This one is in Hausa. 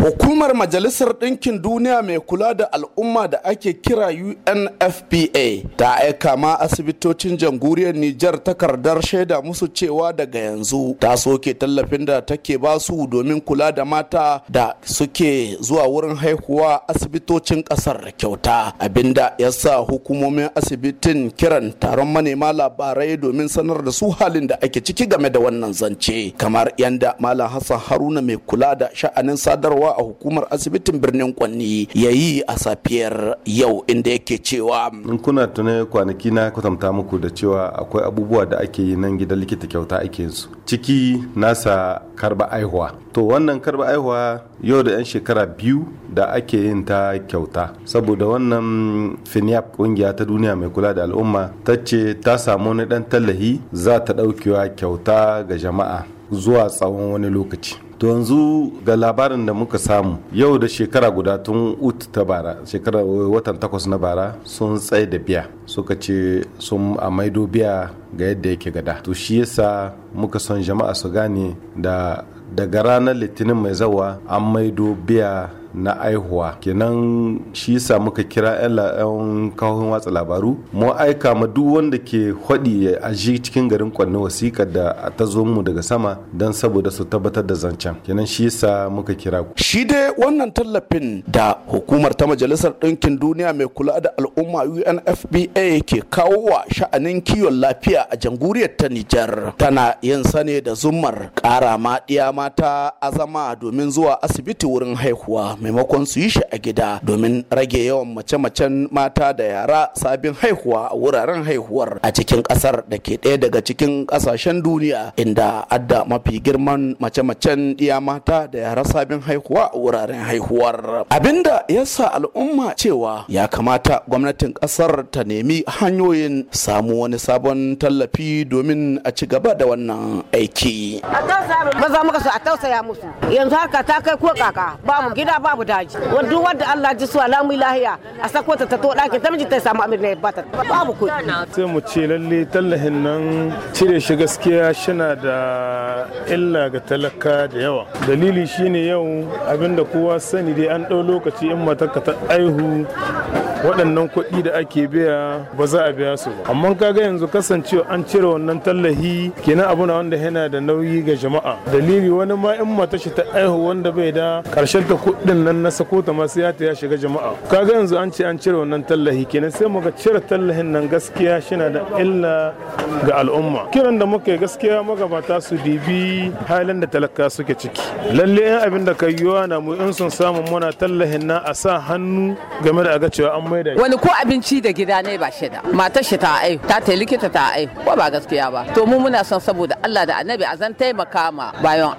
Hukumar Majalisar Ɗinkin Duniya mai kula da al'umma da ake kira UNFPA ta aika ma asibitocin janguriyar Nijar takardar shaida musu cewa daga yanzu ta soke tallafin da take basu su domin kula da mata da suke zuwa wurin haihuwa asibitocin ƙasar kyauta abinda ya sa hukumomin asibitin kiran taron manema labarai domin sanar da su halin da ake ciki game da wannan zance kamar yanda Malam Hassan Haruna mai kula da sha'anin sadarwa a hukumar asibitin birnin Kwanni ya yi a safiyar yau inda yake cewa in kuna tunai kwanaki na kwatanta muku da cewa akwai abubuwa da ake yi nan gidan likita kyauta ake su ciki nasa karba aihuwa to wannan karba aihuwa yau da 'yan shekara biyu da ake yin ta kyauta saboda wannan finiap kungiya ta duniya mai kula da al'umma ta ce ta samu wani dan tallahi za ta ɗaukewa kyauta ga jama'a zuwa tsawon wani lokaci to yanzu ga labarin da muka samu yau da shekara guda tun ut ta bara shekara watan takwas na bara sun tsaye da biya suka ce sun a maido biya ga yadda yake gada to shi yasa muka son jama'a su gane da daga ranar litinin mai zawa an maido biya na aihuwa kenan shi sa muka kira 'yan kawon watsa labaru mu aika ma duk wanda ke hodi ya aji cikin garin kwanne wasiƙa da ta zo mu daga sama don saboda su tabbatar da zancen kenan shi sa muka kira ku shi dai wannan tallafin da hukumar ta majalisar ɗinkin duniya mai kula da al'umma UNFPA ke kawo wa sha'anin kiwon lafiya a jamhuriyar ta Nijar tana yin sane da zumar ƙara ma mata azama domin zuwa asibiti wurin haihuwa maimakon su yi shi a gida domin rage yawan mace-macen mata da yara sabin haihuwa a wuraren haihuwar a cikin kasar da ke ɗaya daga cikin ƙasashen duniya inda adda mafi girman mace-macen iya mata da yara sabin haihuwa a wuraren haihuwar abinda ya sa al'umma cewa ya kamata gwamnatin ƙasar ta nemi hanyoyin samu wani sabon tallafi domin a ci gaba da wannan aiki a tausaya musu yanzu haka ta kai ko kaka babu gida babu daji wanda wanda Allah ji su alamu lahiya a sako ta tato daki ta miji ta samu amir ne ba babu kuɗi sai mu ce lalle tallahin nan cire shi gaskiya shina da illa ga talaka da yawa dalili shine yau abinda kowa sani dai an dau lokaci in matarka ta aihu waɗannan kuɗi da ake biya ba za a biya su ba amma kaga yanzu kasancewa an cire wannan tallahi kenan abu na wanda yana da nauyi ga jama'a dalili wani ma in mata shi ta aihu wanda bai da karshen ta kuɗin nan na sako ta ma sai ta ya shiga jama'a kaga yanzu an ce an cire wannan tallahi kenan sai muka cire tallahin nan gaskiya shina da illa ga al'umma kiran da muka gaskiya magabata su dibi halin da talaka suke ciki lalle yan abin da kai yiwa na mu in sun samu muna tallahin nan a sa hannu game da aga cewa an maida wani ko abinci da gida ne ba shi da matar shi ta aihu ta ta likita ta aihu ko ba gaskiya ba to mu muna son saboda Allah da Annabi azan zan taimaka ma bayan